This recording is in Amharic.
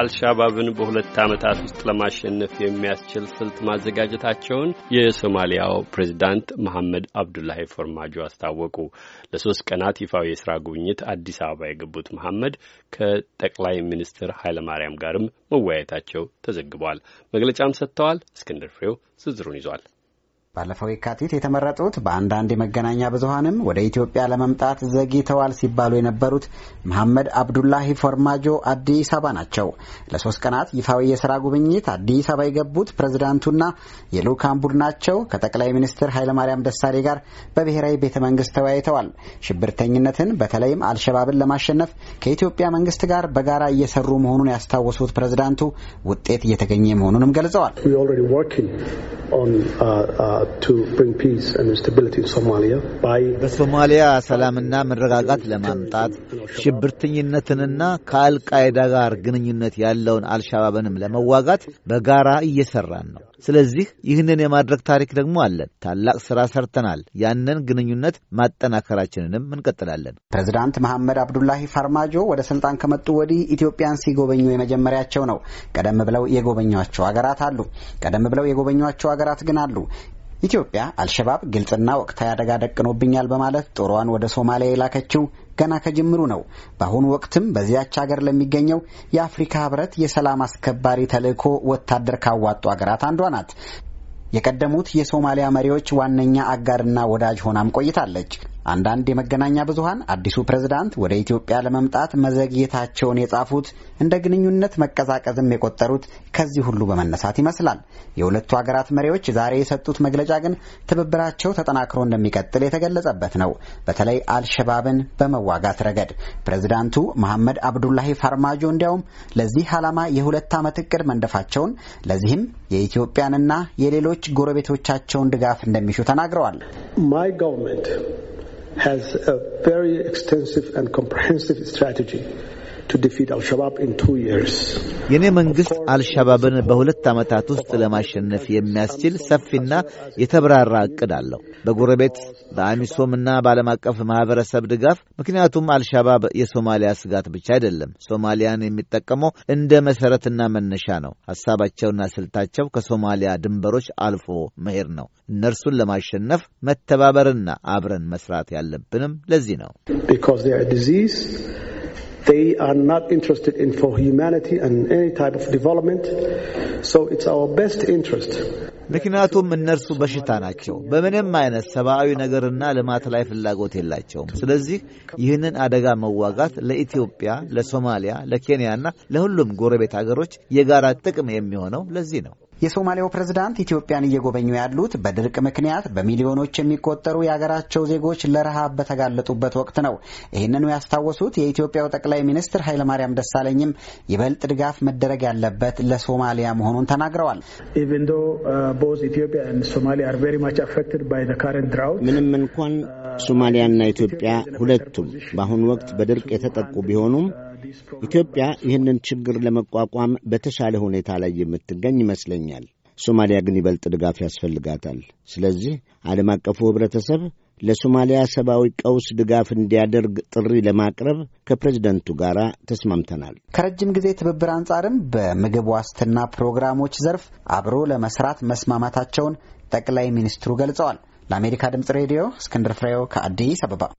አልሻባብን በሁለት ዓመታት ውስጥ ለማሸነፍ የሚያስችል ስልት ማዘጋጀታቸውን የሶማሊያው ፕሬዚዳንት መሐመድ አብዱላሂ ፎርማጆ አስታወቁ። ለሶስት ቀናት ይፋዊ የስራ ጉብኝት አዲስ አበባ የገቡት መሐመድ ከጠቅላይ ሚኒስትር ኃይለማርያም ጋርም መወያየታቸው ተዘግቧል። መግለጫም ሰጥተዋል። እስክንድር ፍሬው ዝርዝሩን ይዟል። ባለፈው የካቲት የተመረጡት በአንዳንድ የመገናኛ ብዙሀንም ወደ ኢትዮጵያ ለመምጣት ዘግይተዋል ሲባሉ የነበሩት መሐመድ አብዱላሂ ፎርማጆ አዲስ አበባ ናቸው። ለሶስት ቀናት ይፋዊ የስራ ጉብኝት አዲስ አበባ የገቡት ፕሬዝዳንቱና የልዑካን ቡድናቸው ከጠቅላይ ሚኒስትር ኃይለማርያም ደሳሌ ጋር በብሔራዊ ቤተ መንግስት ተወያይተዋል። ሽብርተኝነትን በተለይም አልሸባብን ለማሸነፍ ከኢትዮጵያ መንግስት ጋር በጋራ እየሰሩ መሆኑን ያስታወሱት ፕሬዝዳንቱ ውጤት እየተገኘ መሆኑንም ገልጸዋል። በሶማሊያ ሰላምና መረጋጋት ለማምጣት ሽብርተኝነትንና ከአልቃይዳ ጋር ግንኙነት ያለውን አልሻባብንም ለመዋጋት በጋራ እየሰራን ነው። ስለዚህ ይህንን የማድረግ ታሪክ ደግሞ አለን። ታላቅ ስራ ሰርተናል። ያንን ግንኙነት ማጠናከራችንንም እንቀጥላለን። ፕሬዚዳንት መሐመድ አብዱላሂ ፋርማጆ ወደ ስልጣን ከመጡ ወዲህ ኢትዮጵያን ሲጎበኙ የመጀመሪያቸው ነው። ቀደም ብለው የጎበኟቸው ሀገራት አሉ። ቀደም ብለው የጎበኟቸው ሀገራት ግን አሉ። ኢትዮጵያ አልሸባብ ግልጽና ወቅታዊ አደጋ ደቅኖብኛል በማለት ጦሯን ወደ ሶማሊያ የላከችው ገና ከጅምሩ ነው። በአሁኑ ወቅትም በዚያች ሀገር ለሚገኘው የአፍሪካ ህብረት የሰላም አስከባሪ ተልዕኮ ወታደር ካዋጡ ሀገራት አንዷ ናት። የቀደሙት የሶማሊያ መሪዎች ዋነኛ አጋርና ወዳጅ ሆናም ቆይታለች። አንዳንድ የመገናኛ ብዙሀን አዲሱ ፕሬዝዳንት ወደ ኢትዮጵያ ለመምጣት መዘግየታቸውን የጻፉት እንደ ግንኙነት መቀዛቀዝም የቆጠሩት ከዚህ ሁሉ በመነሳት ይመስላል። የሁለቱ ሀገራት መሪዎች ዛሬ የሰጡት መግለጫ ግን ትብብራቸው ተጠናክሮ እንደሚቀጥል የተገለጸበት ነው። በተለይ አልሸባብን በመዋጋት ረገድ ፕሬዝዳንቱ መሐመድ አብዱላሂ ፋርማጆ እንዲያውም ለዚህ ዓላማ የሁለት ዓመት እቅድ መንደፋቸውን፣ ለዚህም የኢትዮጵያንና የሌሎች ጎረቤቶቻቸውን ድጋፍ እንደሚሹ ተናግረዋል። has a very extensive and comprehensive strategy የእኔ መንግሥት አልሻባብን በሁለት ዓመታት ውስጥ ለማሸነፍ የሚያስችል ሰፊና የተብራራ ዕቅድ አለው በጎረቤት በአሚሶምና በዓለም አቀፍ ማኅበረሰብ ድጋፍ። ምክንያቱም አልሻባብ የሶማሊያ ስጋት ብቻ አይደለም፣ ሶማሊያን የሚጠቀመው እንደ መሠረትና መነሻ ነው። ሐሳባቸውና ስልታቸው ከሶማሊያ ድንበሮች አልፎ መሄድ ነው። እነርሱን ለማሸነፍ መተባበርና አብረን መሥራት ያለብንም ለዚህ ነው። They are not interested in for humanity and any type of development. So it's our best interest. ምክንያቱም እነርሱ በሽታ ናቸው። በምንም አይነት ሰብአዊ ነገርና ልማት ላይ ፍላጎት የላቸውም። ስለዚህ ይህንን አደጋ መዋጋት ለኢትዮጵያ፣ ለሶማሊያ፣ ለኬንያና ለሁሉም ጎረቤት አገሮች የጋራ ጥቅም የሚሆነው ለዚህ ነው። የሶማሊያው ፕሬዝዳንት ኢትዮጵያን እየጎበኙ ያሉት በድርቅ ምክንያት በሚሊዮኖች የሚቆጠሩ የሀገራቸው ዜጎች ለረሃብ በተጋለጡበት ወቅት ነው። ይህንኑ ያስታወሱት የኢትዮጵያው ጠቅላይ ሚኒስትር ኃይለማርያም ደሳለኝም ይበልጥ ድጋፍ መደረግ ያለበት ለሶማሊያ መሆኑን ተናግረዋል። uh, ምንም እንኳን uh, ሶማሊያና ኢትዮጵያ ሁለቱም በአሁኑ ወቅት በድርቅ የተጠቁ ቢሆኑም ኢትዮጵያ ይህንን ችግር ለመቋቋም በተሻለ ሁኔታ ላይ የምትገኝ ይመስለኛል። ሶማሊያ ግን ይበልጥ ድጋፍ ያስፈልጋታል። ስለዚህ ዓለም አቀፉ ኅብረተሰብ ለሶማሊያ ሰብአዊ ቀውስ ድጋፍ እንዲያደርግ ጥሪ ለማቅረብ ከፕሬዝደንቱ ጋር ተስማምተናል። ከረጅም ጊዜ ትብብር አንጻርም በምግብ ዋስትና ፕሮግራሞች ዘርፍ አብሮ ለመስራት መስማማታቸውን ጠቅላይ ሚኒስትሩ ገልጸዋል። ለአሜሪካ ድምፅ ሬዲዮ እስክንድር ፍሬው ከአዲስ አበባ